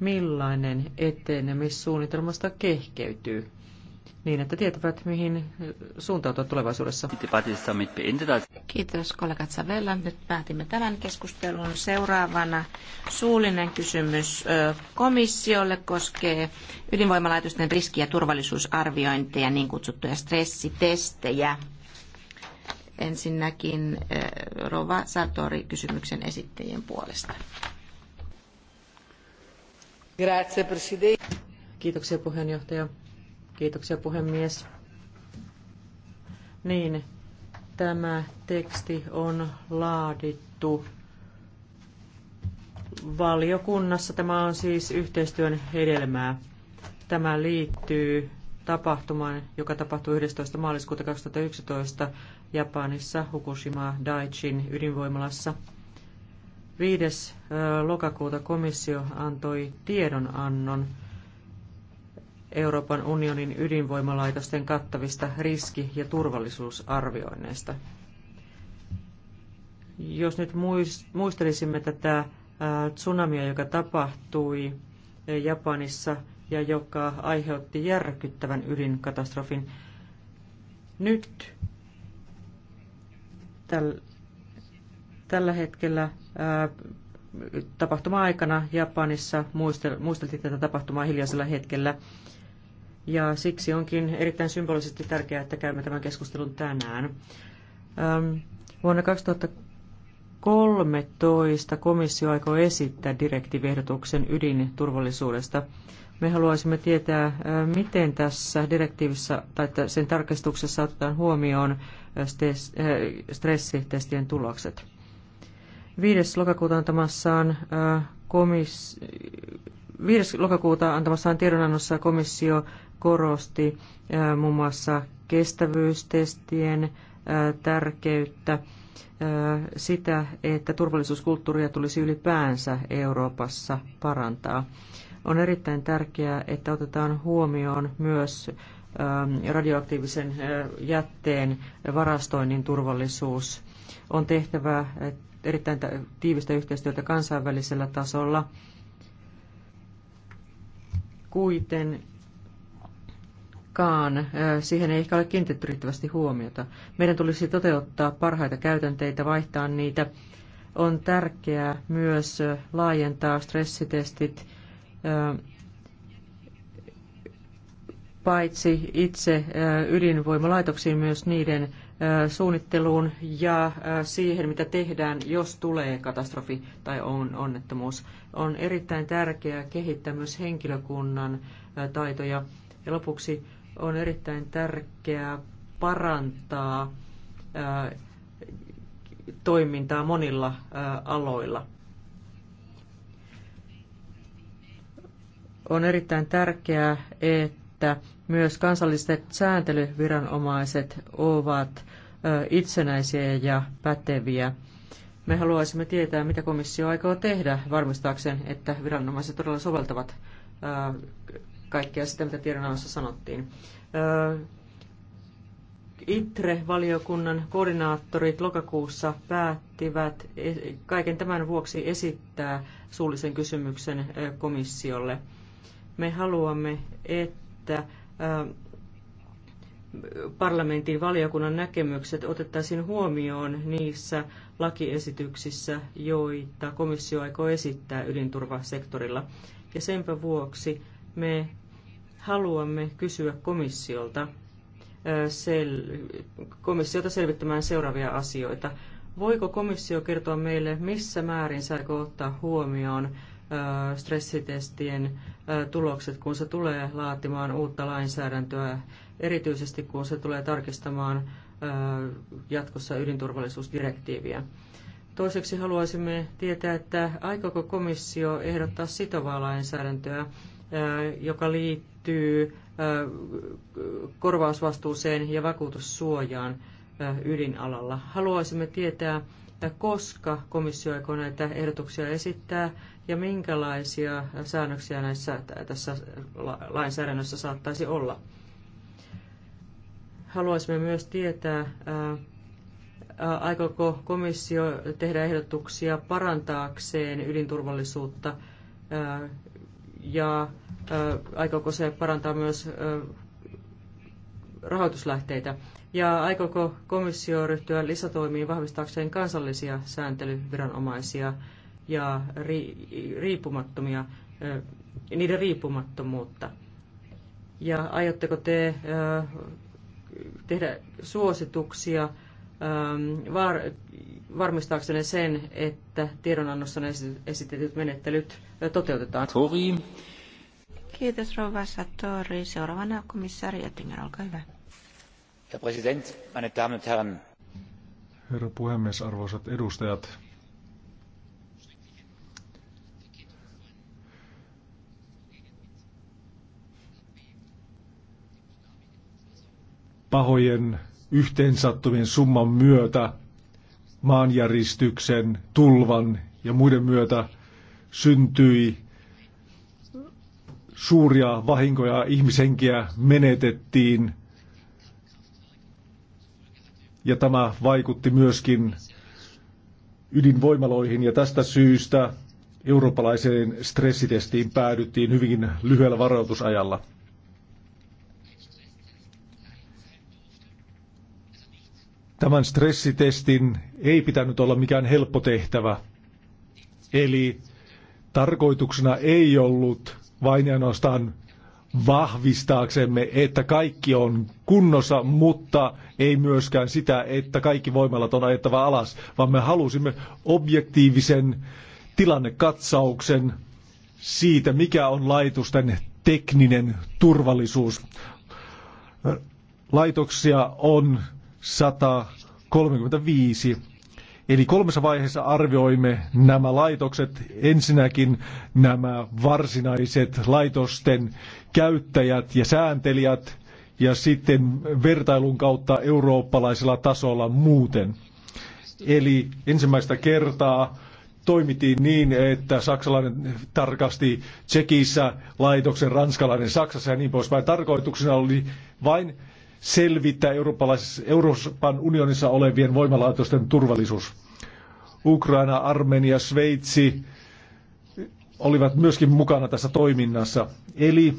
millainen etenemissuunnitelmasta kehkeytyy niin, että tietävät, mihin suuntautua tulevaisuudessa. Kiitos kollegat Savella. Nyt päätimme tämän keskustelun. Seuraavana suullinen kysymys komissiolle koskee ydinvoimalaitosten riski- ja turvallisuusarviointeja, niin kutsuttuja stressitestejä. Ensinnäkin Rova Sartori kysymyksen esittäjien puolesta. Grazie, Kiitoksia puheenjohtaja. Kiitoksia puhemies. Niin, tämä teksti on laadittu valiokunnassa. Tämä on siis yhteistyön hedelmää. Tämä liittyy tapahtumaan, joka tapahtui 11. maaliskuuta 2011 Japanissa Fukushima Daichin ydinvoimalassa. 5. lokakuuta komissio antoi tiedonannon Euroopan unionin ydinvoimalaitosten kattavista riski- ja turvallisuusarvioinneista. Jos nyt muistelisimme tätä tsunamia, joka tapahtui Japanissa ja joka aiheutti järkyttävän ydinkatastrofin, nyt tällä hetkellä tapahtuma-aikana Japanissa muisteltiin tätä tapahtumaa hiljaisella hetkellä. Ja siksi onkin erittäin symbolisesti tärkeää, että käymme tämän keskustelun tänään. Ähm, vuonna 2013 komissio aikoo esittää direktiivehdotuksen ydinturvallisuudesta. Me haluaisimme tietää, äh, miten tässä direktiivissä tai sen tarkistuksessa otetaan huomioon äh, äh, stressitestien tulokset. 5. lokakuuta antamassaan äh, komis... 5. lokakuuta antamassaan tiedonannossa komissio korosti äh, muun mm. muassa kestävyystestien äh, tärkeyttä, sitä, että turvallisuuskulttuuria tulisi ylipäänsä Euroopassa parantaa. On erittäin tärkeää, että otetaan huomioon myös ähm, radioaktiivisen jätteen varastoinnin turvallisuus. On tehtävä erittäin tiivistä yhteistyötä kansainvälisellä tasolla. Kuiten kuitenkaan siihen ei ehkä ole kiinnitetty riittävästi huomiota. Meidän tulisi toteuttaa parhaita käytänteitä, vaihtaa niitä. On tärkeää myös laajentaa stressitestit paitsi itse ydinvoimalaitoksiin myös niiden suunnitteluun ja siihen, mitä tehdään, jos tulee katastrofi tai on onnettomuus. On erittäin tärkeää kehittää myös henkilökunnan taitoja. Ja lopuksi on erittäin tärkeää parantaa toimintaa monilla aloilla. On erittäin tärkeää, että myös kansalliset sääntelyviranomaiset ovat itsenäisiä ja päteviä. Me haluaisimme tietää, mitä komissio aikoo tehdä varmistaakseen, että viranomaiset todella soveltavat kaikkea sitä, mitä tiedonannossa sanottiin. ITRE-valiokunnan koordinaattorit lokakuussa päättivät e-, kaiken tämän vuoksi esittää suullisen kysymyksen komissiolle. Me haluamme, että parlamentin valiokunnan näkemykset otettaisiin huomioon niissä lakiesityksissä, joita komissio aikoo esittää ydinturvasektorilla. Ja senpä vuoksi me haluamme kysyä komissiolta, sel- komissiota selvittämään seuraavia asioita. Voiko komissio kertoa meille, missä määrin se aikoo ottaa huomioon Äh, stressitestien äh, tulokset, kun se tulee laatimaan uutta lainsäädäntöä, erityisesti kun se tulee tarkistamaan äh, jatkossa ydinturvallisuusdirektiiviä. Toiseksi haluaisimme tietää, että aikooko komissio ehdottaa sitovaa lainsäädäntöä, joka liittyy korvausvastuuseen ja vakuutussuojaan ydinalalla. Haluaisimme tietää, että koska komissio aikoo näitä ehdotuksia esittää ja minkälaisia säännöksiä näissä, tässä lainsäädännössä saattaisi olla. Haluaisimme myös tietää, aikooko komissio tehdä ehdotuksia parantaakseen ydinturvallisuutta ja aikooko se parantaa myös rahoituslähteitä. Ja aikooko komissio ryhtyä lisätoimiin vahvistaakseen kansallisia sääntelyviranomaisia ja riippumattomia, niiden riippumattomuutta? Ja aiotteko te tehdä suosituksia var, varmistaaksenne sen, että tiedonannossa esitetyt menettelyt toteutetaan? Tori. Kiitos Rova Satori. Seuraavana komissaari Oettinger, olkaa hyvä herr präsident meine damen und herren! herra puhemies arvoisat edustajat pahojen yhteensattuvien summan myötä maanjäristyksen tulvan ja muiden myötä syntyi suuria vahinkoja, ihmishenkiä menetettiin ja tämä vaikutti myöskin ydinvoimaloihin ja tästä syystä eurooppalaiseen stressitestiin päädyttiin hyvin lyhyellä varoitusajalla. Tämän stressitestin ei pitänyt olla mikään helppo tehtävä. Eli tarkoituksena ei ollut vain ainoastaan vahvistaaksemme, että kaikki on kunnossa, mutta ei myöskään sitä, että kaikki voimalat on ajettava alas, vaan me halusimme objektiivisen tilannekatsauksen siitä, mikä on laitosten tekninen turvallisuus. Laitoksia on 135 Eli kolmessa vaiheessa arvioimme nämä laitokset. Ensinnäkin nämä varsinaiset laitosten käyttäjät ja sääntelijät ja sitten vertailun kautta eurooppalaisella tasolla muuten. Eli ensimmäistä kertaa toimittiin niin, että saksalainen tarkasti Tsekissä laitoksen, ranskalainen Saksassa ja niin poispäin. Tarkoituksena oli vain selvittää Euroopan unionissa olevien voimalaitosten turvallisuus. Ukraina, Armenia, Sveitsi olivat myöskin mukana tässä toiminnassa. Eli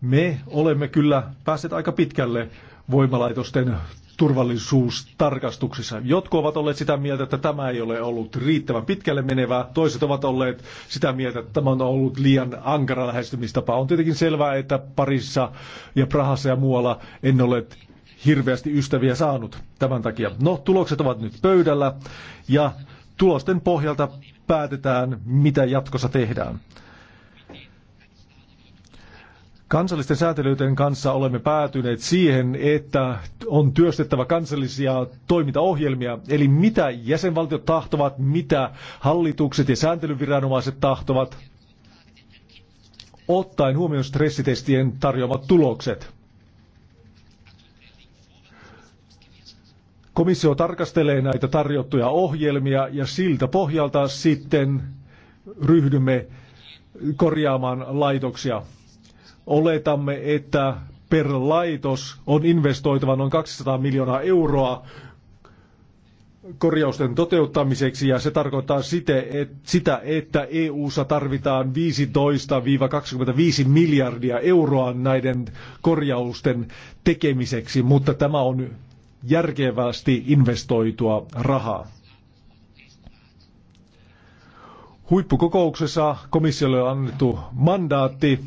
me olemme kyllä päässeet aika pitkälle voimalaitosten turvallisuustarkastuksissa. Jotkut ovat olleet sitä mieltä, että tämä ei ole ollut riittävän pitkälle menevää. Toiset ovat olleet sitä mieltä, että tämä on ollut liian ankara lähestymistapa. On tietenkin selvää, että Parissa ja Prahassa ja muualla en ole hirveästi ystäviä saanut tämän takia. No, tulokset ovat nyt pöydällä ja tulosten pohjalta päätetään, mitä jatkossa tehdään. Kansallisten säätelyiden kanssa olemme päätyneet siihen, että on työstettävä kansallisia toimintaohjelmia, eli mitä jäsenvaltiot tahtovat, mitä hallitukset ja sääntelyviranomaiset tahtovat, ottaen huomioon stressitestien tarjoamat tulokset. Komissio tarkastelee näitä tarjottuja ohjelmia ja siltä pohjalta sitten ryhdymme korjaamaan laitoksia. Oletamme, että per laitos on investoitava noin 200 miljoonaa euroa korjausten toteuttamiseksi ja se tarkoittaa sitä, että EU-ssa tarvitaan 15-25 miljardia euroa näiden korjausten tekemiseksi, mutta tämä on järkevästi investoitua rahaa. Huippukokouksessa komissiolle on annettu mandaatti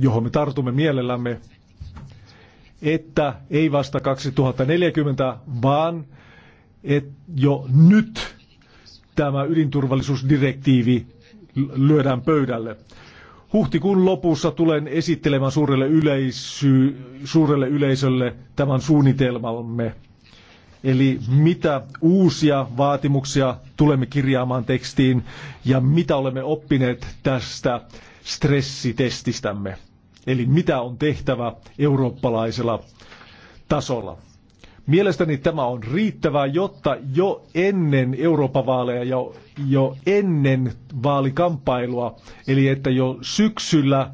johon me tartumme mielellämme, että ei vasta 2040, vaan että jo nyt tämä ydinturvallisuusdirektiivi lyödään pöydälle. Huhtikuun lopussa tulen esittelemään suurelle, yleisy, suurelle yleisölle tämän suunnitelmamme. Eli mitä uusia vaatimuksia tulemme kirjaamaan tekstiin ja mitä olemme oppineet tästä stressitestistämme. Eli mitä on tehtävä eurooppalaisella tasolla. Mielestäni tämä on riittävää, jotta jo ennen Euroopan vaaleja ja jo, jo ennen vaalikampailua, eli että jo syksyllä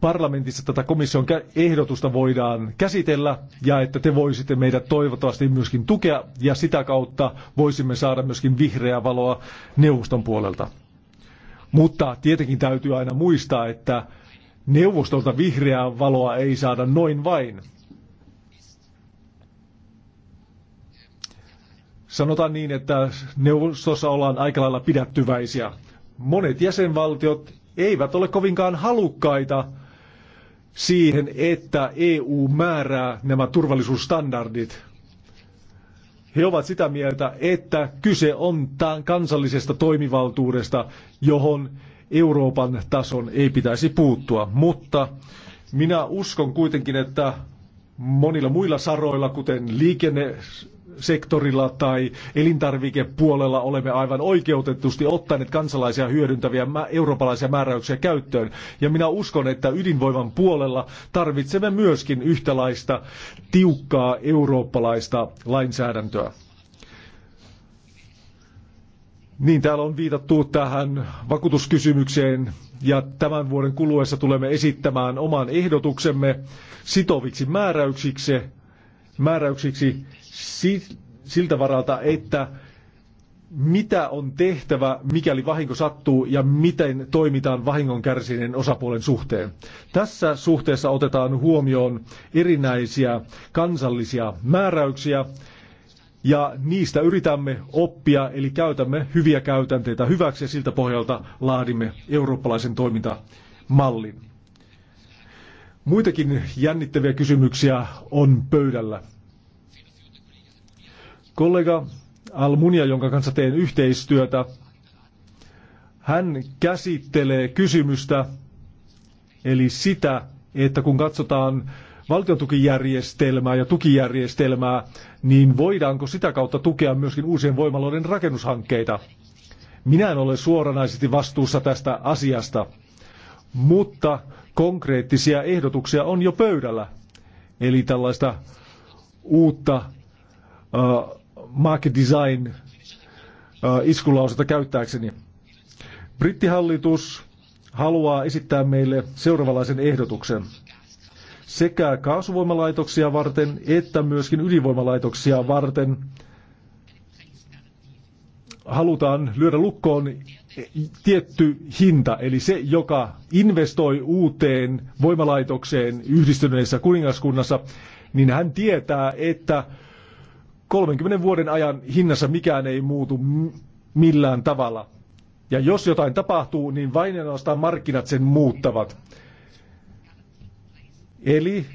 parlamentissa tätä komission ehdotusta voidaan käsitellä ja että te voisitte meidät toivottavasti myöskin tukea ja sitä kautta voisimme saada myöskin vihreää valoa neuvoston puolelta. Mutta tietenkin täytyy aina muistaa, että Neuvostolta vihreää valoa ei saada noin vain. Sanotaan niin, että neuvostossa ollaan aika lailla pidättyväisiä. Monet jäsenvaltiot eivät ole kovinkaan halukkaita siihen, että EU määrää nämä turvallisuusstandardit. He ovat sitä mieltä, että kyse on tämän kansallisesta toimivaltuudesta, johon Euroopan tason ei pitäisi puuttua, mutta minä uskon kuitenkin, että monilla muilla saroilla, kuten liikennesektorilla tai elintarvikepuolella, olemme aivan oikeutetusti ottaneet kansalaisia hyödyntäviä eurooppalaisia määräyksiä käyttöön. Ja minä uskon, että ydinvoiman puolella tarvitsemme myöskin yhtälaista tiukkaa eurooppalaista lainsäädäntöä. Niin, täällä on viitattu tähän vakuutuskysymykseen ja tämän vuoden kuluessa tulemme esittämään oman ehdotuksemme sitoviksi määräyksiksi, määräyksiksi siltä varalta, että mitä on tehtävä, mikäli vahinko sattuu ja miten toimitaan vahingon kärsineen osapuolen suhteen. Tässä suhteessa otetaan huomioon erinäisiä kansallisia määräyksiä, ja niistä yritämme oppia, eli käytämme hyviä käytänteitä hyväksi ja siltä pohjalta laadimme eurooppalaisen toimintamallin. Muitakin jännittäviä kysymyksiä on pöydällä. Kollega Almunia, jonka kanssa teen yhteistyötä, hän käsittelee kysymystä, eli sitä, että kun katsotaan valtiotukijärjestelmää ja tukijärjestelmää, niin voidaanko sitä kautta tukea myöskin uusien voimaloiden rakennushankkeita? Minä en ole suoranaisesti vastuussa tästä asiasta, mutta konkreettisia ehdotuksia on jo pöydällä. Eli tällaista uutta uh, market design uh, iskulausetta käyttääkseni. Brittihallitus haluaa esittää meille seuraavanlaisen ehdotuksen sekä kaasuvoimalaitoksia varten että myöskin ydinvoimalaitoksia varten. Halutaan lyödä lukkoon tietty hinta, eli se, joka investoi uuteen voimalaitokseen yhdistyneessä kuningaskunnassa, niin hän tietää, että 30 vuoden ajan hinnassa mikään ei muutu millään tavalla. Ja jos jotain tapahtuu, niin vain ainoastaan markkinat sen muuttavat. Eli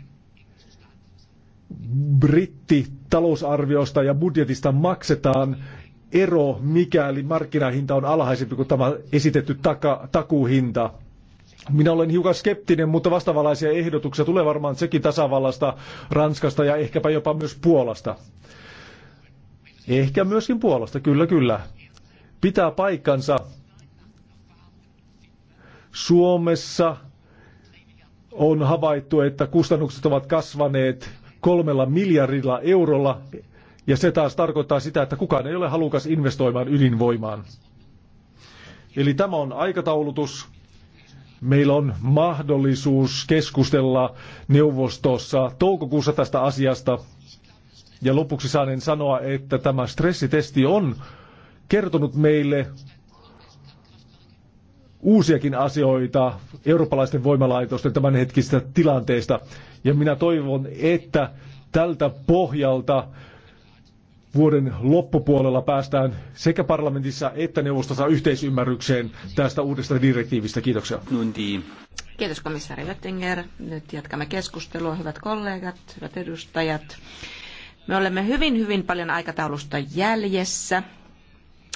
britti talousarviosta ja budjetista maksetaan ero, mikäli markkinahinta on alhaisempi kuin tämä esitetty taka, takuuhinta. Minä olen hiukan skeptinen, mutta vastavalaisia ehdotuksia tulee varmaan sekin tasavallasta, Ranskasta ja ehkäpä jopa myös Puolasta. Ehkä myöskin Puolasta, kyllä kyllä. Pitää paikkansa. Suomessa on havaittu, että kustannukset ovat kasvaneet kolmella miljardilla eurolla, ja se taas tarkoittaa sitä, että kukaan ei ole halukas investoimaan ydinvoimaan. Eli tämä on aikataulutus. Meillä on mahdollisuus keskustella neuvostossa toukokuussa tästä asiasta. Ja lopuksi saanen sanoa, että tämä stressitesti on kertonut meille uusiakin asioita eurooppalaisten voimalaitosten hetkistä tilanteesta. Ja minä toivon, että tältä pohjalta vuoden loppupuolella päästään sekä parlamentissa että neuvostossa yhteisymmärrykseen tästä uudesta direktiivistä. Kiitoksia. Kiitos komissaari Oettinger. Nyt jatkamme keskustelua, hyvät kollegat, hyvät edustajat. Me olemme hyvin, hyvin paljon aikataulusta jäljessä.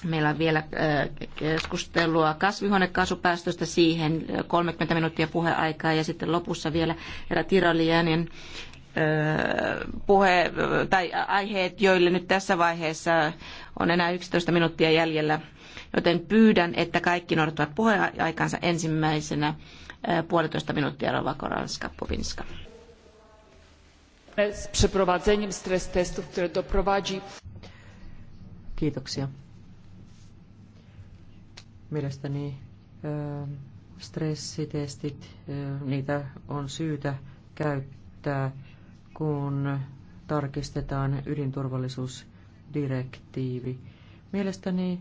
Meillä on vielä keskustelua kasvihuonekaasupäästöstä siihen 30 minuuttia puheaikaa ja sitten lopussa vielä herra Tirolianin puhe, tai aiheet, joille nyt tässä vaiheessa on enää 11 minuuttia jäljellä. Joten pyydän, että kaikki noudattavat puheaikansa ensimmäisenä puolitoista minuuttia Rova Koralska Powinska. Kiitoksia. Mielestäni stressitestit, niitä on syytä käyttää, kun tarkistetaan ydinturvallisuusdirektiivi. Mielestäni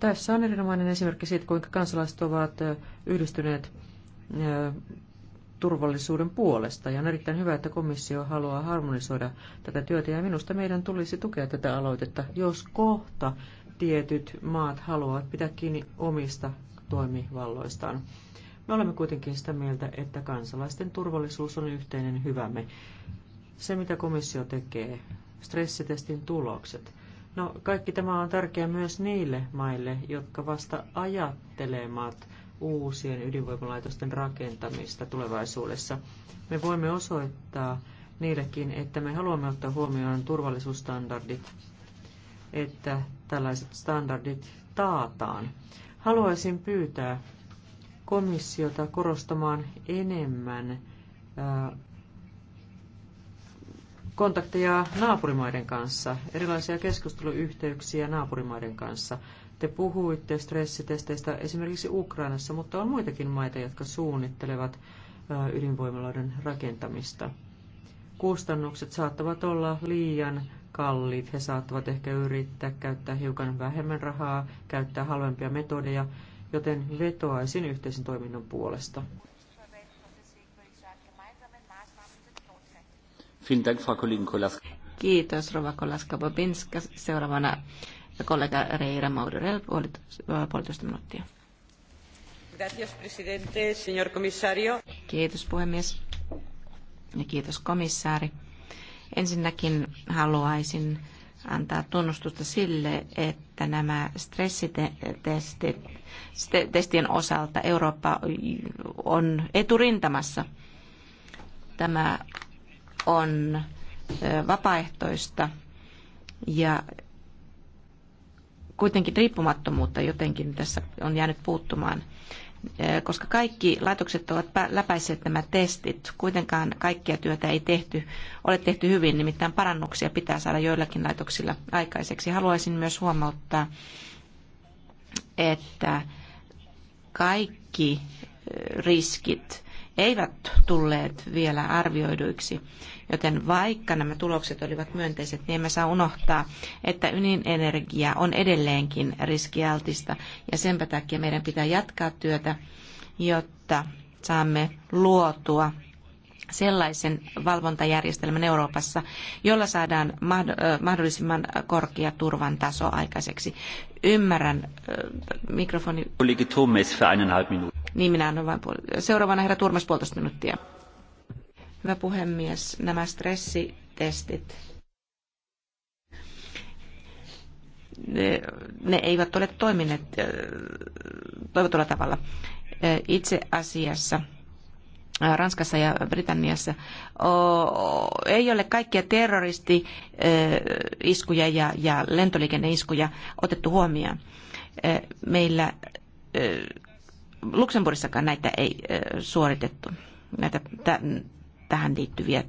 tässä on erinomainen esimerkki siitä, kuinka kansalaiset ovat yhdistyneet turvallisuuden puolesta. Ja on erittäin hyvä, että komissio haluaa harmonisoida tätä työtä. Ja minusta meidän tulisi tukea tätä aloitetta, jos kohta tietyt maat haluavat pitää kiinni omista toimivalloistaan. Me olemme kuitenkin sitä mieltä, että kansalaisten turvallisuus on yhteinen hyvämme. Se, mitä komissio tekee, stressitestin tulokset. No, kaikki tämä on tärkeää myös niille maille, jotka vasta ajattelemat uusien ydinvoimalaitosten rakentamista tulevaisuudessa. Me voimme osoittaa niillekin, että me haluamme ottaa huomioon turvallisuusstandardit, että tällaiset standardit taataan. Haluaisin pyytää komissiota korostamaan enemmän kontakteja naapurimaiden kanssa, erilaisia keskusteluyhteyksiä naapurimaiden kanssa. Te puhuitte stressitesteistä esimerkiksi Ukrainassa, mutta on muitakin maita, jotka suunnittelevat ydinvoimaloiden rakentamista kustannukset saattavat olla liian kalliit. He saattavat ehkä yrittää käyttää hiukan vähemmän rahaa, käyttää halvempia metodeja, joten vetoaisin yhteisen toiminnan puolesta. Kiitos Rova Kolaska-Bobinska. Seuraavana kollega Reira Maudurel, puolitoista minuuttia. Kiitos puhemies ja kiitos komissaari. Ensinnäkin haluaisin antaa tunnustusta sille, että nämä stressitestien osalta Eurooppa on eturintamassa. Tämä on vapaaehtoista ja kuitenkin riippumattomuutta jotenkin tässä on jäänyt puuttumaan. Eh, koska kaikki laitokset ovat läpäisseet nämä testit. Kuitenkaan kaikkia työtä ei tehty, ole tehty hyvin, nimittäin parannuksia pitää saada joillakin laitoksilla aikaiseksi. Haluaisin myös huomauttaa, että kaikki eh, riskit eivät tulleet vielä arvioiduiksi. Joten vaikka nämä tulokset olivat myönteiset, niin emme saa unohtaa, että ydinenergia on edelleenkin riskialtista ja sen takia meidän pitää jatkaa työtä, jotta saamme luotua sellaisen valvontajärjestelmän Euroopassa, jolla saadaan mahdollisimman korkea turvan taso aikaiseksi. Ymmärrän mikrofoni... Niin minä annan vain Seuraavana herra Turmas puolitoista minuuttia. Hyvä puhemies, nämä stressitestit ne, ne eivät ole toimineet toivotulla tavalla. Itse asiassa Ranskassa ja Britanniassa ei ole kaikkia terroristi-iskuja ja, lentoliikenneiskuja otettu huomioon. Meillä Luxemburgissakaan näitä ei suoritettu, näitä tähän liittyviä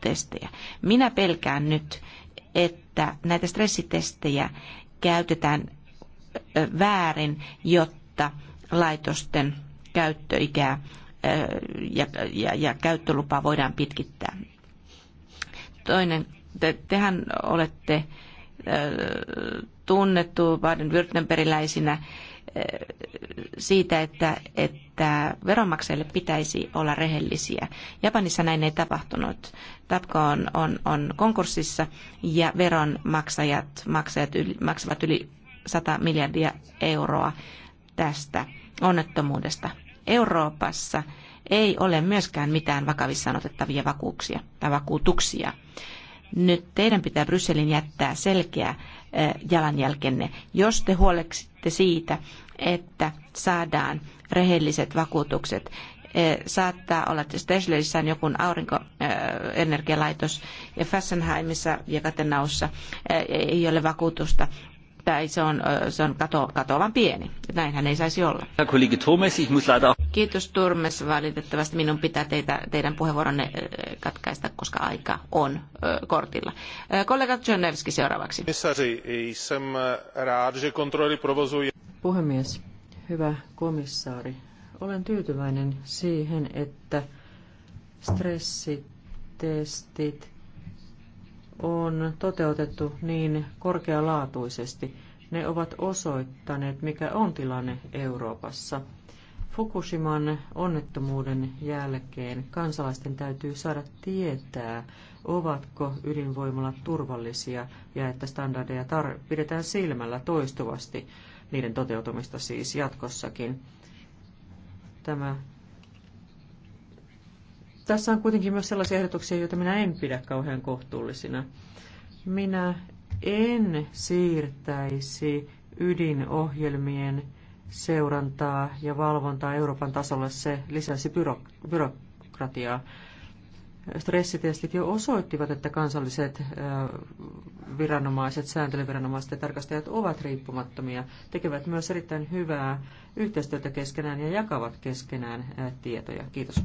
testejä. Minä pelkään nyt, että näitä stressitestejä käytetään väärin, jotta laitosten käyttöikää Eh, ja, ja, ja käyttölupaa voidaan pitkittää. Toinen, te, tehän olette eh, tunnettu Baden-Württembergiläisinä eh, siitä, että, että veronmaksajille pitäisi olla rehellisiä. Japanissa näin ei tapahtunut. TAPCO on, on, on konkurssissa ja veronmaksajat maksajat yli, maksavat yli 100 miljardia euroa tästä onnettomuudesta. Euroopassa ei ole myöskään mitään vakavissaan otettavia vakuuksia tai vakuutuksia. Nyt teidän pitää Brysselin jättää selkeä eh, jalanjälkenne, jos te huoleksitte siitä, että saadaan rehelliset vakuutukset eh, saattaa olla, että Steschlerissä on joku aurinkoenergialaitos eh, ja Fessenheimissa ja Katenaussa ei ole vakuutusta että se on, se on kato, katoavan pieni. Näinhän ei saisi olla. Kiitos Turmes. Valitettavasti minun pitää teitä, teidän puheenvuoronne katkaista, koska aika on kortilla. Kollega Czernevski seuraavaksi. E, Puhemies, hyvä komissaari. Olen tyytyväinen siihen, että stressitestit on toteutettu niin korkealaatuisesti. Ne ovat osoittaneet, mikä on tilanne Euroopassa. Fukushiman onnettomuuden jälkeen kansalaisten täytyy saada tietää, ovatko ydinvoimalat turvallisia ja että standardeja tar- pidetään silmällä toistuvasti, niiden toteutumista siis jatkossakin. Tämä tässä on kuitenkin myös sellaisia ehdotuksia, joita minä en pidä kauhean kohtuullisina. Minä en siirtäisi ydinohjelmien seurantaa ja valvontaa Euroopan tasolle. Se lisäisi byro- byrokratiaa. Stressitestit jo osoittivat, että kansalliset viranomaiset, sääntelyviranomaiset ja tarkastajat ovat riippumattomia, tekevät myös erittäin hyvää yhteistyötä keskenään ja jakavat keskenään tietoja. Kiitos.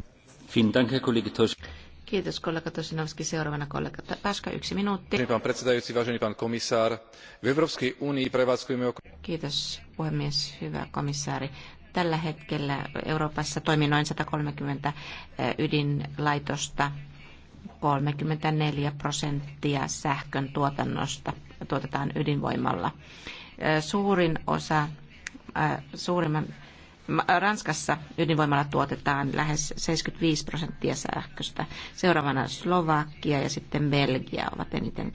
Kiitos kollega Tosinovski. Seuraavana kollega Paska, yksi minuutti. Pán predsedajúci, vážený pán komisár, v Európskej únii prevádzkujeme... Kiitos puhemies, hyvä komissaari. Tällä hetkellä Euroopassa toimii noin 130 eh, ydinlaitosta, 34 prosenttia sähkön tuotannosta tuotetaan ydinvoimalla. Eh, suurin osa, eh, suurimman Ranskassa ydinvoimalla tuotetaan lähes 75 prosenttia sähköstä. Seuraavana Slovakia ja sitten Belgia ovat eniten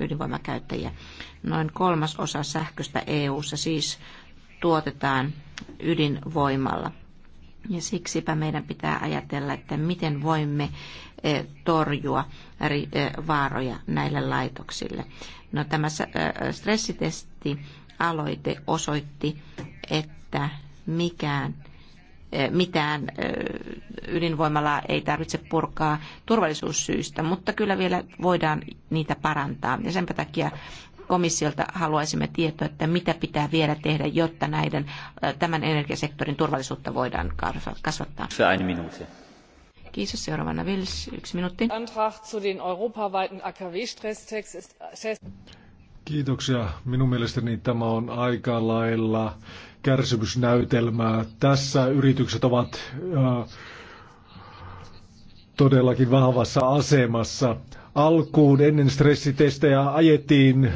ydinvoimakäyttäjiä. Noin kolmas osa sähköstä EU:ssa siis tuotetaan ydinvoimalla. Ja siksipä meidän pitää ajatella, että miten voimme e, torjua e, vaaroja näille laitoksille. No, tämä e, stressitesti aloite osoitti, että mikään eh, mitään eh, ydinvoimalaa ei tarvitse purkaa turvallisuussyistä, mutta kyllä vielä voidaan niitä parantaa. Ja sen takia komissiolta haluaisimme tietoa, että mitä pitää vielä tehdä, jotta näiden, eh, tämän energiasektorin turvallisuutta voidaan kasvattaa. Kiitos. Seuraavana Vils, yksi minuutti. Kiitoksia. Minun mielestäni tämä on aika lailla kärsimysnäytelmää. Tässä yritykset ovat äh, todellakin vahvassa asemassa. Alkuun ennen stressitestejä ajettiin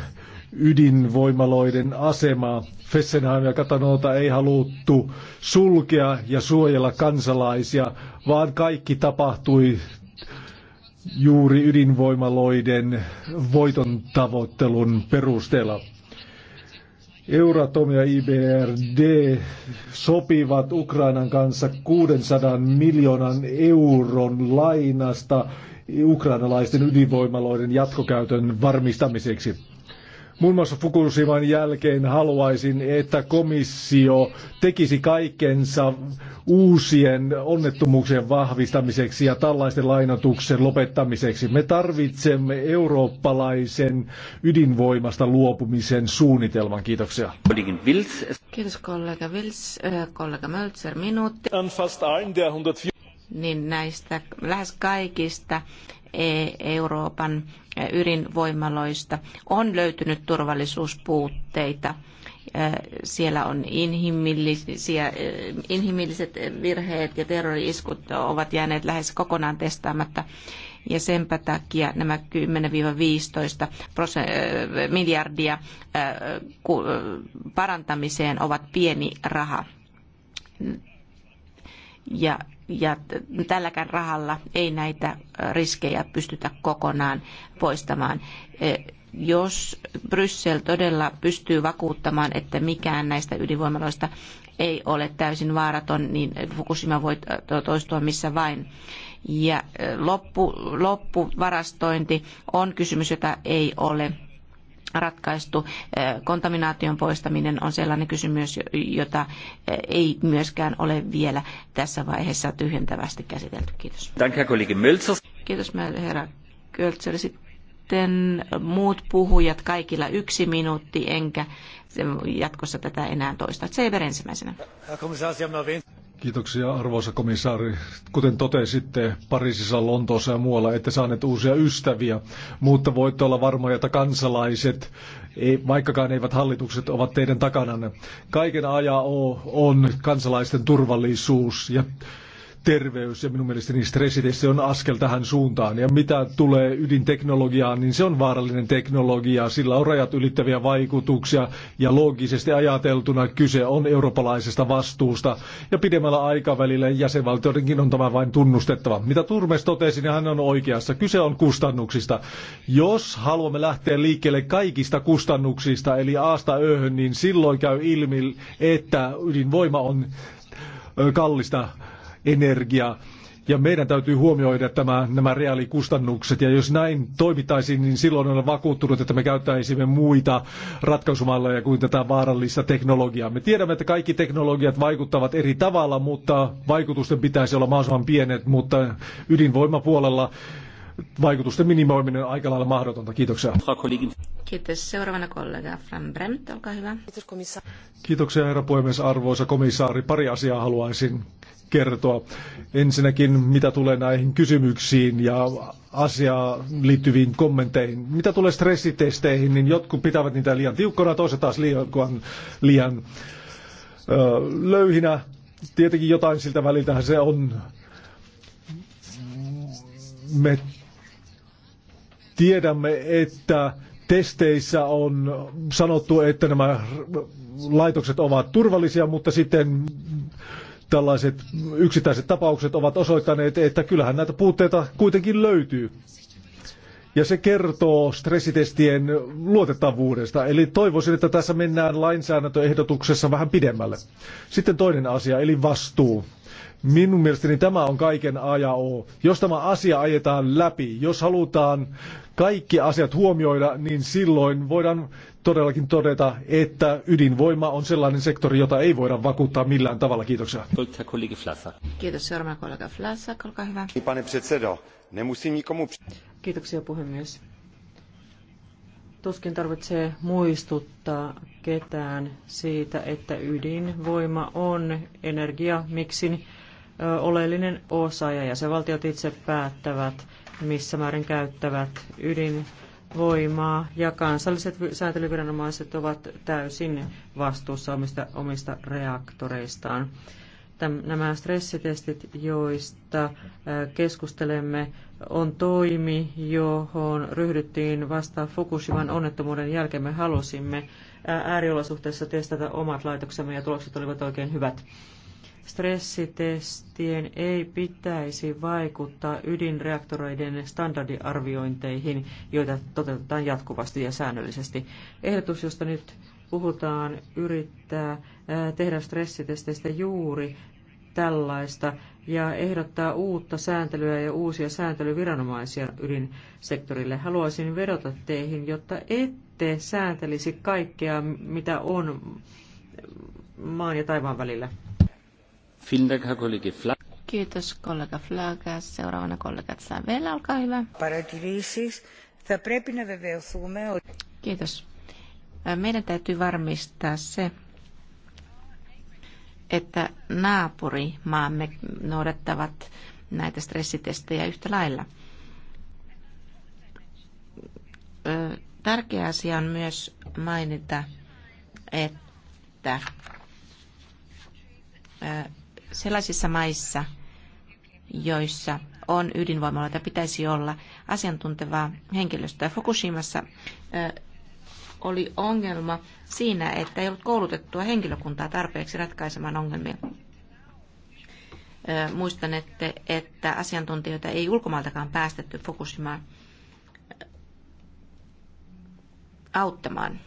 ydinvoimaloiden asemaa. Fessenheim ja Katanoota ei haluttu sulkea ja suojella kansalaisia, vaan kaikki tapahtui juuri ydinvoimaloiden voiton tavoittelun perusteella. Euratom ja IBRD sopivat Ukrainan kanssa 600 miljoonan euron lainasta ukrainalaisten ydinvoimaloiden jatkokäytön varmistamiseksi. Muun muassa Fukushiman jälkeen haluaisin, että komissio tekisi kaikkensa uusien onnettomuuksien vahvistamiseksi ja tällaisten lainatuksen lopettamiseksi. Me tarvitsemme eurooppalaisen ydinvoimasta luopumisen suunnitelman. Kiitoksia. Kiitos kollega Vils, äh, kollega Möltser, minuutti. Niin näistä lähes kaikista e- Euroopan ydinvoimaloista on löytynyt turvallisuuspuutteita siellä on inhimillisiä, inhimilliset virheet ja terrori-iskut ovat jääneet lähes kokonaan testaamatta ja senpä takia nämä 10-15 miljardia parantamiseen ovat pieni raha. Ja, ja tälläkään rahalla ei näitä riskejä pystytä kokonaan poistamaan jos Bryssel todella pystyy vakuuttamaan, että mikään näistä ydinvoimaloista ei ole täysin vaaraton, niin Fukushima voi toistua missä vain. Ja loppu, loppuvarastointi on kysymys, jota ei ole ratkaistu. Kontaminaation poistaminen on sellainen kysymys, jota ei myöskään ole vielä tässä vaiheessa tyhjentävästi käsitelty. Kiitos. Kiitos herra Költser sitten muut puhujat kaikilla yksi minuutti, enkä jatkossa tätä enää toista. Seiver ensimmäisenä. Kiitoksia arvoisa komissaari. Kuten totesitte, Pariisissa, Lontoossa ja muualla ette saaneet uusia ystäviä, mutta voitte olla varmoja, että kansalaiset, ei, vaikkakaan eivät hallitukset, ovat teidän takananne. Kaiken aja on kansalaisten turvallisuus ja terveys ja minun mielestäni stressitesti on askel tähän suuntaan. Ja mitä tulee ydinteknologiaan, niin se on vaarallinen teknologia, sillä on rajat ylittäviä vaikutuksia ja loogisesti ajateltuna kyse on eurooppalaisesta vastuusta. Ja pidemmällä aikavälillä jäsenvaltioidenkin on tämä vain tunnustettava. Mitä Turmes totesi, niin hän on oikeassa. Kyse on kustannuksista. Jos haluamme lähteä liikkeelle kaikista kustannuksista, eli aasta ööhön, niin silloin käy ilmi, että ydinvoima on kallista energiaa. Ja meidän täytyy huomioida tämä, nämä reaalikustannukset. Ja jos näin toimittaisiin, niin silloin olen vakuuttunut, että me käyttäisimme muita ratkaisumalleja kuin tätä vaarallista teknologiaa. Me tiedämme, että kaikki teknologiat vaikuttavat eri tavalla, mutta vaikutusten pitäisi olla mahdollisimman pienet. Mutta ydinvoimapuolella vaikutusten minimoiminen on aika lailla mahdotonta. Kiitoksia. Kiitos. Seuraavana kollega Fran Brent, olkaa hyvä. Kiitos, Kiitoksia herra puhemies, arvoisa komissaari. Pari asiaa haluaisin kertoa. Ensinnäkin, mitä tulee näihin kysymyksiin ja asiaan liittyviin kommentteihin. Mitä tulee stressitesteihin, niin jotkut pitävät niitä liian tiukkona, toiset taas liian, liian ö, löyhinä. Tietenkin jotain siltä väliltähän se on. Me tiedämme, että testeissä on sanottu, että nämä laitokset ovat turvallisia, mutta sitten Tällaiset yksittäiset tapaukset ovat osoittaneet, että kyllähän näitä puutteita kuitenkin löytyy. Ja se kertoo stressitestien luotettavuudesta. Eli toivoisin, että tässä mennään lainsäädäntöehdotuksessa vähän pidemmälle. Sitten toinen asia, eli vastuu. Minun mielestäni tämä on kaiken A ja O. Jos tämä asia ajetaan läpi, jos halutaan kaikki asiat huomioida, niin silloin voidaan todellakin todeta, että ydinvoima on sellainen sektori, jota ei voida vakuuttaa millään tavalla. Kiitoksia. Kiitos, seuraava kollega Flassa. Olkaa hyvä. Kiitoksia puhemies. Tuskin tarvitsee muistuttaa ketään siitä, että ydinvoima on energiamiksin oleellinen osa ja jäsenvaltiot itse päättävät, missä määrin käyttävät ydinvoimaa ja kansalliset sääntelyviranomaiset ovat täysin vastuussa omista, omista reaktoreistaan. Täm, nämä stressitestit, joista keskustelemme, on toimi, johon ryhdyttiin vasta Fukushiman onnettomuuden jälkeen. Me halusimme ääriolosuhteissa testata omat laitoksemme ja tulokset olivat oikein hyvät. Stressitestien ei pitäisi vaikuttaa ydinreaktoreiden standardiarviointeihin, joita toteutetaan jatkuvasti ja säännöllisesti. Ehdotus, josta nyt puhutaan, yrittää tehdä stressitesteistä juuri tällaista ja ehdottaa uutta sääntelyä ja uusia sääntelyviranomaisia ydinsektorille. Haluaisin vedota teihin, jotta ette sääntelisi kaikkea, mitä on maan ja taivaan välillä. Kiitos kollega Flagas. Seuraavana kollega Savella, olkaa hyvä. Kiitos. Meidän täytyy varmistaa se, että naapurimaamme noudattavat näitä stressitestejä yhtä lailla. Tärkeä asia on myös mainita, että sellaisissa maissa, joissa on ydinvoimaloita, pitäisi olla asiantuntevaa henkilöstöä. Fukushimassa oli ongelma siinä, että ei ollut koulutettua henkilökuntaa tarpeeksi ratkaisemaan ongelmia. Muistan, että, että asiantuntijoita ei ulkomailtakaan päästetty Fukushimaan auttamaan.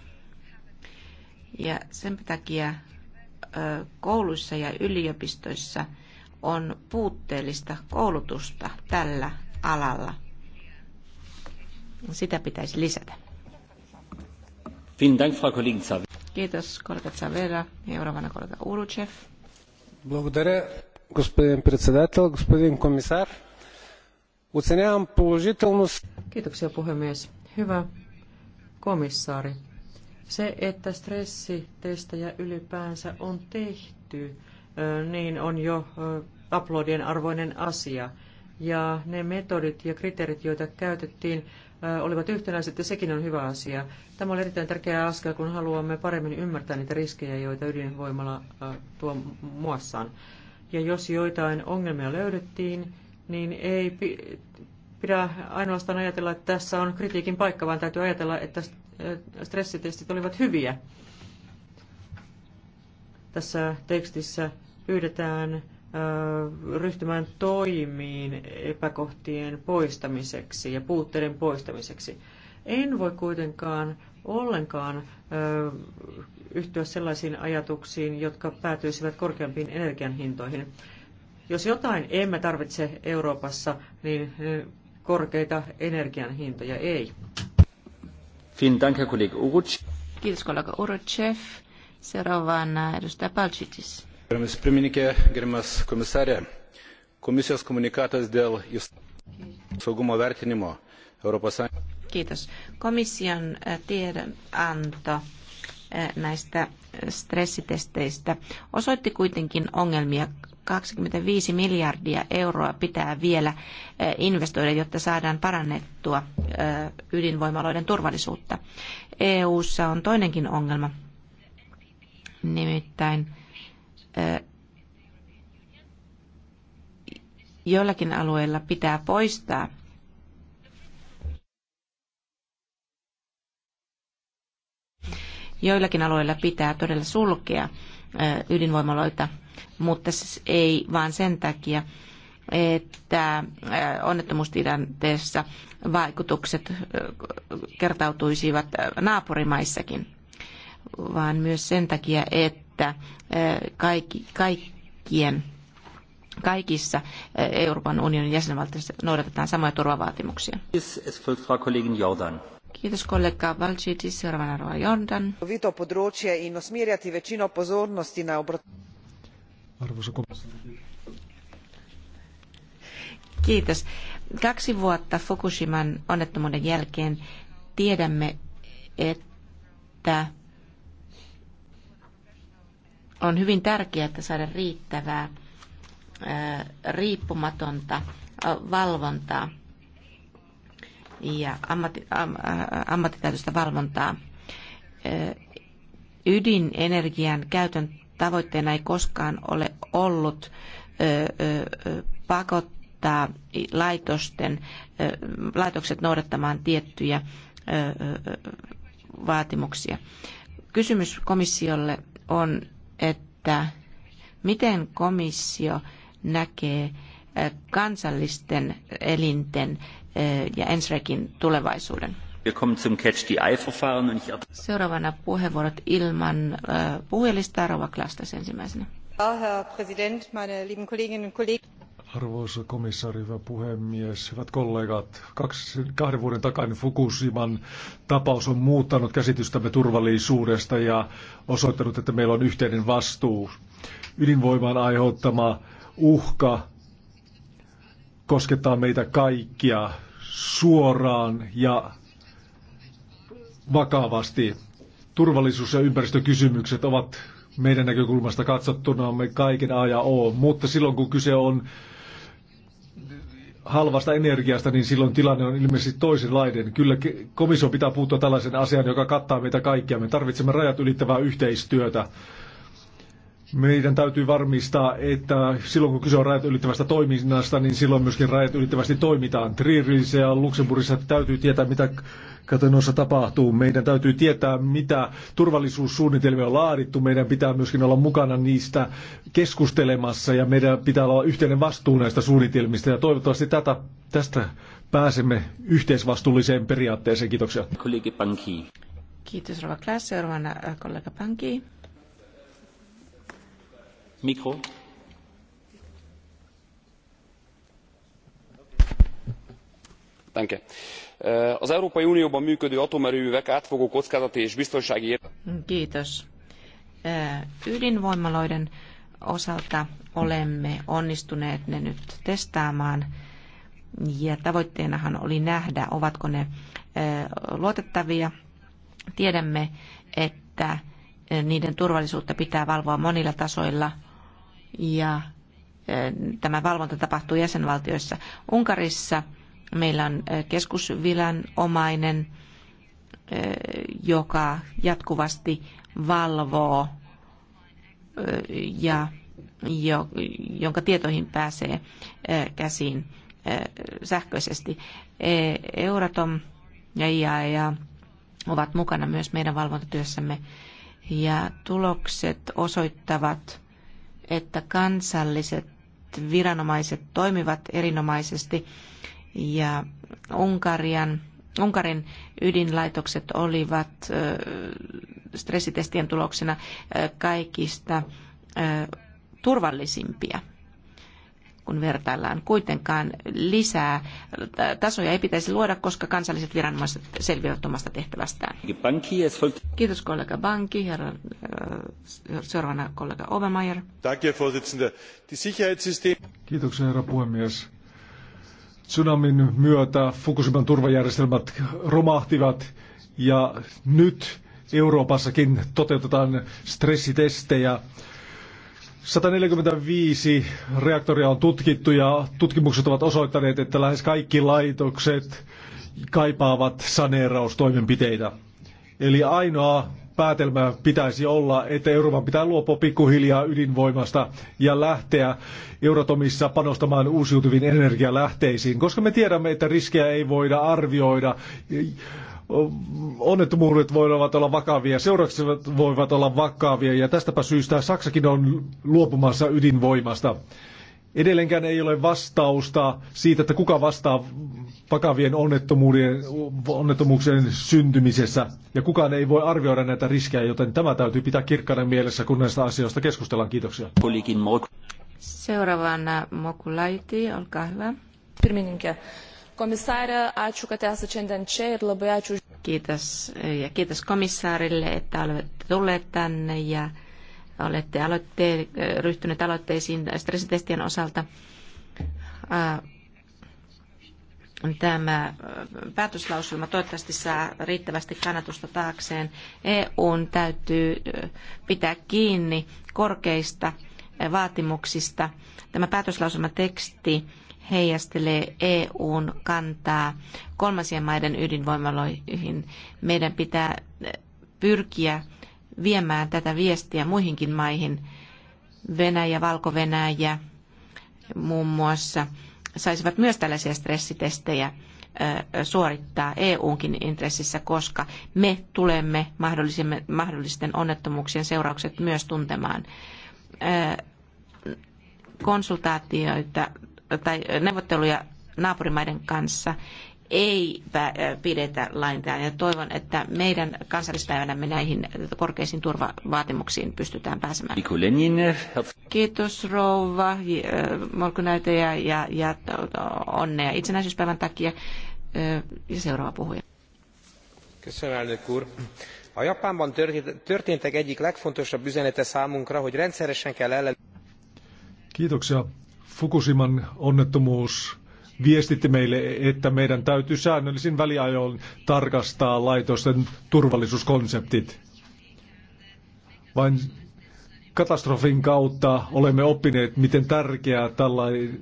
Ja sen takia kouluissa ja yliopistoissa on puutteellista koulutusta tällä alalla. Sitä pitäisi lisätä. Kiitos, kollega Zavera. Seuraavana kollega Uruchev. Благодаря, господин председател, господин комисар. Оценявам положително... Kiitoksia, puhemies. Hyvä komissaari. Se, että stressitestejä ylipäänsä on tehty, niin on jo aplodien arvoinen asia. Ja ne metodit ja kriteerit, joita käytettiin, olivat yhtenäiset ja sekin on hyvä asia. Tämä on erittäin tärkeä askel, kun haluamme paremmin ymmärtää niitä riskejä, joita ydinvoimalla tuo muassaan. Ja jos joitain ongelmia löydettiin, niin ei pidä ainoastaan ajatella, että tässä on kritiikin paikka, vaan täytyy ajatella, että stressitestit olivat hyviä. Tässä tekstissä pyydetään ryhtymään toimiin epäkohtien poistamiseksi ja puutteiden poistamiseksi. En voi kuitenkaan ollenkaan ö, yhtyä sellaisiin ajatuksiin, jotka päätyisivät korkeampiin energian hintoihin. Jos jotain emme tarvitse Euroopassa, niin korkeita energian hintoja ei. Kiitos kollega Urochev. Seuraavana edustaja Palcitis. Gerbiamas pirmininkė, gerbiamas komisarė, komisijos komunikatas dėl saugumo vertinimo Euroopassa. Kiitos. Komission tiedonanto näistä stressitesteistä osoitti kuitenkin ongelmia 25 miljardia euroa pitää vielä investoida, jotta saadaan parannettua ydinvoimaloiden turvallisuutta. EU:ssa on toinenkin ongelma, nimittäin joillakin alueilla pitää poistaa joillakin alueilla pitää todella sulkea ydinvoimaloita mutta siis ei vaan sen takia, että äh, onnettomuustilanteessa vaikutukset äh, kertautuisivat äh, naapurimaissakin, vaan myös sen takia, että kaikki, kaikkien kaikissa Euroopan unionin jäsenvaltioissa noudatetaan samoja turvavaatimuksia. Kiitos kollega Valčić, seuraavana Roa Jordan. Arvoisa Kiitos. Kaksi vuotta Fukushiman onnettomuuden jälkeen tiedämme, että on hyvin tärkeää että saada riittävää riippumatonta valvontaa ja ammatti, am, ammattitaitoista valvontaa. Ydinenergian käytön tavoitteena ei koskaan ole ollut pakottaa laitosten, laitokset noudattamaan tiettyjä vaatimuksia. Kysymys komissiolle on, että miten komissio näkee kansallisten elinten ja Ensrekin tulevaisuuden? Seuraavana puheenvuorot ilman puhujalistaa. Rova Klastas ensimmäisenä. Arvoisa komissaari, hyvä puhemies, hyvät kollegat. Kaksi, kahden vuoden takainen Fukushiman tapaus on muuttanut käsitystämme turvallisuudesta ja osoittanut, että meillä on yhteinen vastuu. Ydinvoiman aiheuttama uhka koskettaa meitä kaikkia suoraan ja vakavasti. Turvallisuus- ja ympäristökysymykset ovat meidän näkökulmasta katsottuna me kaiken A ja O, mutta silloin kun kyse on halvasta energiasta, niin silloin tilanne on ilmeisesti toisenlainen. Kyllä komissio pitää puuttua tällaisen asian, joka kattaa meitä kaikkia. Me tarvitsemme rajat ylittävää yhteistyötä meidän täytyy varmistaa, että silloin kun kyse on rajat ylittävästä toiminnasta, niin silloin myöskin rajat ylittävästi toimitaan. Trierissä ja Luxemburgissa täytyy tietää, mitä katonossa tapahtuu. Meidän täytyy tietää, mitä turvallisuussuunnitelmia on laadittu. Meidän pitää myöskin olla mukana niistä keskustelemassa ja meidän pitää olla yhteinen vastuu näistä suunnitelmista. Ja toivottavasti tätä, tästä pääsemme yhteisvastuulliseen periaatteeseen. Kiitoksia. Kiitos Rova Klaas, seuraavana äh, kollega Panki. Mikro. Äh, az európai unióban működő atomerőművek átfogó kockázati és biztonsági. Kiitos. Ydinvoimaloiden osalta olemme onnistuneet ne nyt testaamaan ja tavoitteenahan oli nähdä, ovatko ne luotettavia. Tiedämme, että niiden turvallisuutta pitää valvoa monilla tasoilla – ja e, tämä valvonta tapahtuu jäsenvaltioissa. Unkarissa meillä on e, omainen, e, joka jatkuvasti valvoo ja jonka tietoihin pääsee käsiin sähköisesti. Euratom ja IAEA ovat mukana myös meidän valvontatyössämme ja tulokset osoittavat, että kansalliset viranomaiset toimivat erinomaisesti ja Unkarian, Unkarin ydinlaitokset olivat stressitestien tuloksena kaikista turvallisimpia kun vertaillaan. Kuitenkaan lisää tasoja ei pitäisi luoda, koska kansalliset viranomaiset selviävät omasta tehtävästään. Kiitos kollega Banki, herra, äh, seuraavana kollega Obermeier. Kiitoksia herra puhemies. Tsunamin myötä Fukushiman turvajärjestelmät romahtivat ja nyt Euroopassakin toteutetaan stressitestejä 145 reaktoria on tutkittu ja tutkimukset ovat osoittaneet, että lähes kaikki laitokset kaipaavat saneeraustoimenpiteitä. Eli ainoa päätelmä pitäisi olla, että Euroopan pitää luopua pikkuhiljaa ydinvoimasta ja lähteä Eurotomissa panostamaan uusiutuviin energialähteisiin, koska me tiedämme, että riskejä ei voida arvioida onnettomuudet voivat olla vakavia, seuraukset voivat olla vakavia ja tästäpä syystä Saksakin on luopumassa ydinvoimasta. Edelleenkään ei ole vastausta siitä, että kuka vastaa vakavien onnettomuuksien syntymisessä. Ja kukaan ei voi arvioida näitä riskejä, joten tämä täytyy pitää kirkkana mielessä, kun näistä asioista keskustellaan. Kiitoksia. Seuraavana Mokulaiti, olkaa hyvä. Pirmininkä. Komissaari, ačiū, kad esat šiandien čia ir labai ačiū. Kiitos ja kiitos komissaarille, että olette tulleet tänne ja olette aloitte, ryhtyneet aloitteisiin stressitestien osalta. Tämä päätöslauselma toivottavasti saa riittävästi kannatusta taakseen. EUn täytyy pitää kiinni korkeista vaatimuksista. Tämä päätöslauselmateksti teksti heijastelee EUn kantaa kolmansien maiden ydinvoimaloihin. Meidän pitää eh, pyrkiä viemään tätä viestiä muihinkin maihin. Venäjä, Valko-Venäjä muun muassa saisivat myös tällaisia stressitestejä eh, suorittaa EUnkin intressissä, koska me tulemme mahdollisten onnettomuuksien seuraukset myös tuntemaan. Eh, konsultaatioita tai neuvotteluja naapurimaiden kanssa ei pidetä lainkaan. Ja toivon, että meidän kansallispäivänämme näihin korkeisiin turvavaatimuksiin pystytään pääsemään. Kiitos rouva Molkunäytä ja, ja, ja onnea itsenäisyyspäivän takia. Ja seuraava puhuja. A Japánban történtek egyik legfontosabb üzenete számunkra, hogy rendszeresen kell ellen... Kiitoksia, Fukushiman onnettomuus viestitti meille, että meidän täytyy säännöllisin väliajoin tarkastaa laitosten turvallisuuskonseptit. Vain katastrofin kautta olemme oppineet, miten tärkeää tällainen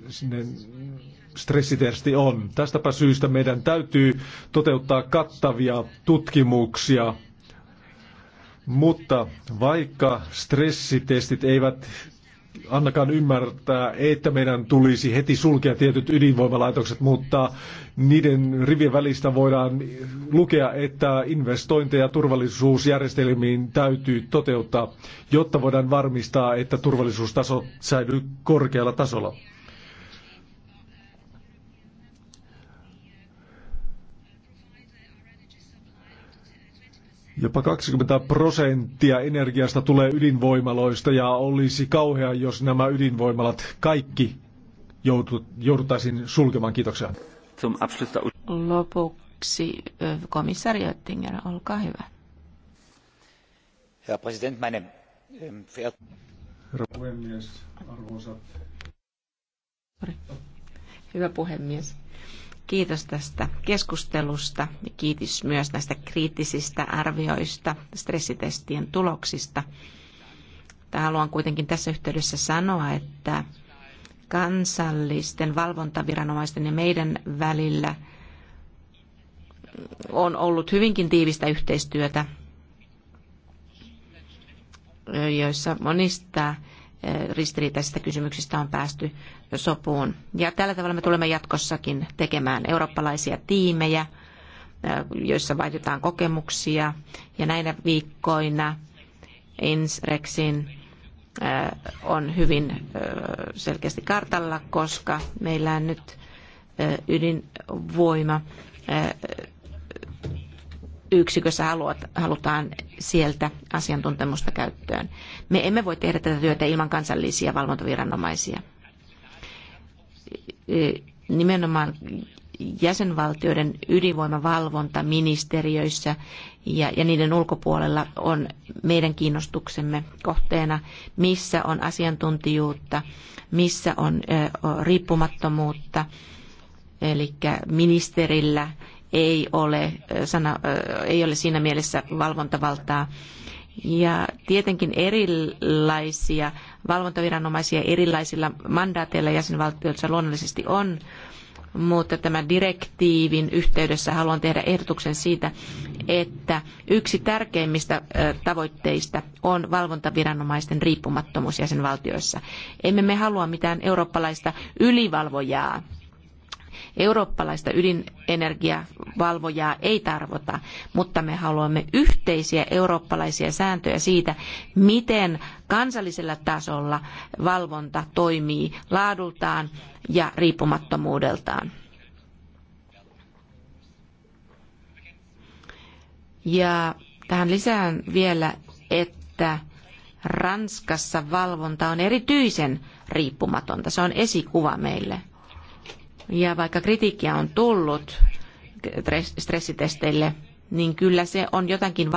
stressitesti on. Tästäpä syystä meidän täytyy toteuttaa kattavia tutkimuksia, mutta vaikka stressitestit eivät annakaan ymmärtää, että meidän tulisi heti sulkea tietyt ydinvoimalaitokset, mutta niiden rivien välistä voidaan lukea, että investointeja turvallisuusjärjestelmiin täytyy toteuttaa, jotta voidaan varmistaa, että turvallisuustaso säilyy korkealla tasolla. Jopa 20 prosenttia energiasta tulee ydinvoimaloista ja olisi kauhea, jos nämä ydinvoimalat kaikki jouduttaisiin sulkemaan. Kiitoksia. Lopuksi komissari Oettinger, olkaa hyvä. Herra president, meine ähm, Herra puhemies, arvoisat. Hyvä puhemies. Kiitos tästä keskustelusta ja kiitos myös näistä kriittisistä arvioista, stressitestien tuloksista. Tämä haluan kuitenkin tässä yhteydessä sanoa, että kansallisten valvontaviranomaisten ja meidän välillä on ollut hyvinkin tiivistä yhteistyötä, joissa monista ristiriitaisista kysymyksistä on päästy sopuun. Ja tällä tavalla me tulemme jatkossakin tekemään eurooppalaisia tiimejä, joissa vaihdetaan kokemuksia. Ja näinä viikkoina INSREXin on hyvin selkeästi kartalla, koska meillä on nyt ydinvoima yksikössä halutaan sieltä asiantuntemusta käyttöön. Me emme voi tehdä tätä työtä ilman kansallisia valvontaviranomaisia. E, nimenomaan jäsenvaltioiden ydinvoimavalvontaministeriöissä ja, ja niiden ulkopuolella on meidän kiinnostuksemme kohteena, missä on asiantuntijuutta, missä on e, riippumattomuutta, eli ministerillä ei ole, sana, ei ole siinä mielessä valvontavaltaa. Ja tietenkin erilaisia valvontaviranomaisia erilaisilla mandaateilla jäsenvaltioissa luonnollisesti on, mutta tämän direktiivin yhteydessä haluan tehdä ehdotuksen siitä, että yksi tärkeimmistä tavoitteista on valvontaviranomaisten riippumattomuus jäsenvaltioissa. Emme me halua mitään eurooppalaista ylivalvojaa, Eurooppalaista ydinenergiavalvojaa ei tarvota, mutta me haluamme yhteisiä eurooppalaisia sääntöjä siitä, miten kansallisella tasolla valvonta toimii laadultaan ja riippumattomuudeltaan. Ja tähän lisään vielä, että Ranskassa valvonta on erityisen riippumatonta. Se on esikuva meille. Ja vaikka kritiikkiä on tullut stressitesteille, niin kyllä se on jotakin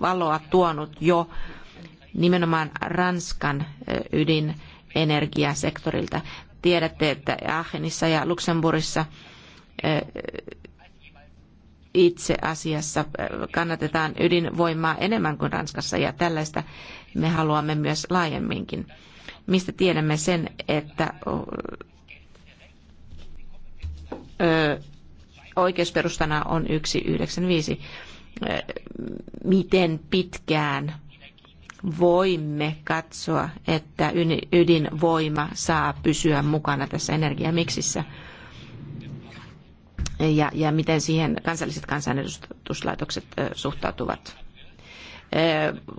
valoa tuonut jo nimenomaan Ranskan ydinenergiasektorilta. Tiedätte, että Aachenissa ja Luxemburgissa itse asiassa kannatetaan ydinvoimaa enemmän kuin Ranskassa ja tällaista me haluamme myös laajemminkin. Mistä tiedämme sen, että oikeusperustana on 195. Miten pitkään voimme katsoa, että ydinvoima saa pysyä mukana tässä energiamiksissä? Ja, ja miten siihen kansalliset kansanedustuslaitokset suhtautuvat?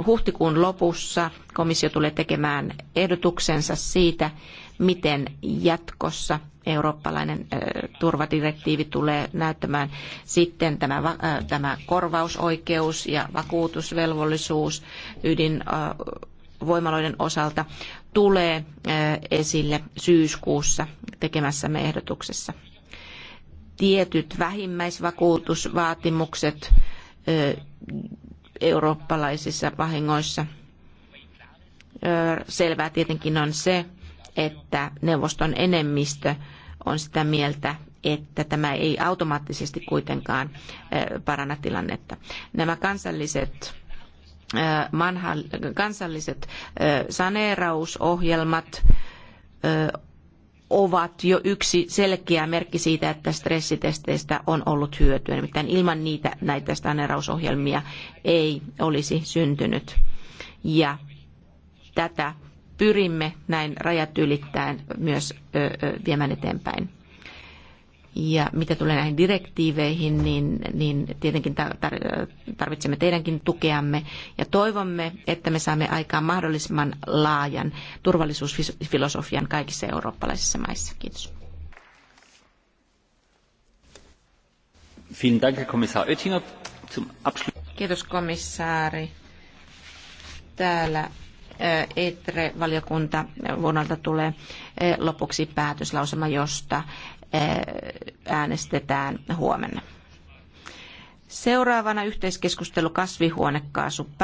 Huhtikuun lopussa komissio tulee tekemään ehdotuksensa siitä, miten jatkossa eurooppalainen turvadirektiivi tulee näyttämään. Sitten tämä, tämä korvausoikeus ja vakuutusvelvollisuus ydinvoimaloiden osalta tulee esille syyskuussa tekemässämme ehdotuksessa. Tietyt vähimmäisvakuutusvaatimukset eurooppalaisissa vahingoissa. Selvää tietenkin on se, että neuvoston enemmistö on sitä mieltä, että tämä ei automaattisesti kuitenkaan paranna tilannetta. Nämä kansalliset Manha, kansalliset saneerausohjelmat ovat jo yksi selkeä merkki siitä, että stressitesteistä on ollut hyötyä. Nimittäin ilman niitä näitä saneerausohjelmia ei olisi syntynyt. Ja tätä pyrimme näin rajat ylittäen myös viemään eteenpäin. Ja mitä tulee näihin direktiiveihin, niin, niin tietenkin tarvitsemme teidänkin tukeamme ja toivomme, että me saamme aikaan mahdollisimman laajan turvallisuusfilosofian kaikissa eurooppalaisissa maissa. Kiitos. Kiitos komissaari. Täällä ETRE-valiokunta vuonna tulee lopuksi päätöslausema, josta äänestetään huomenna. Seuraavana yhteiskeskustelu kasvihuonekaasu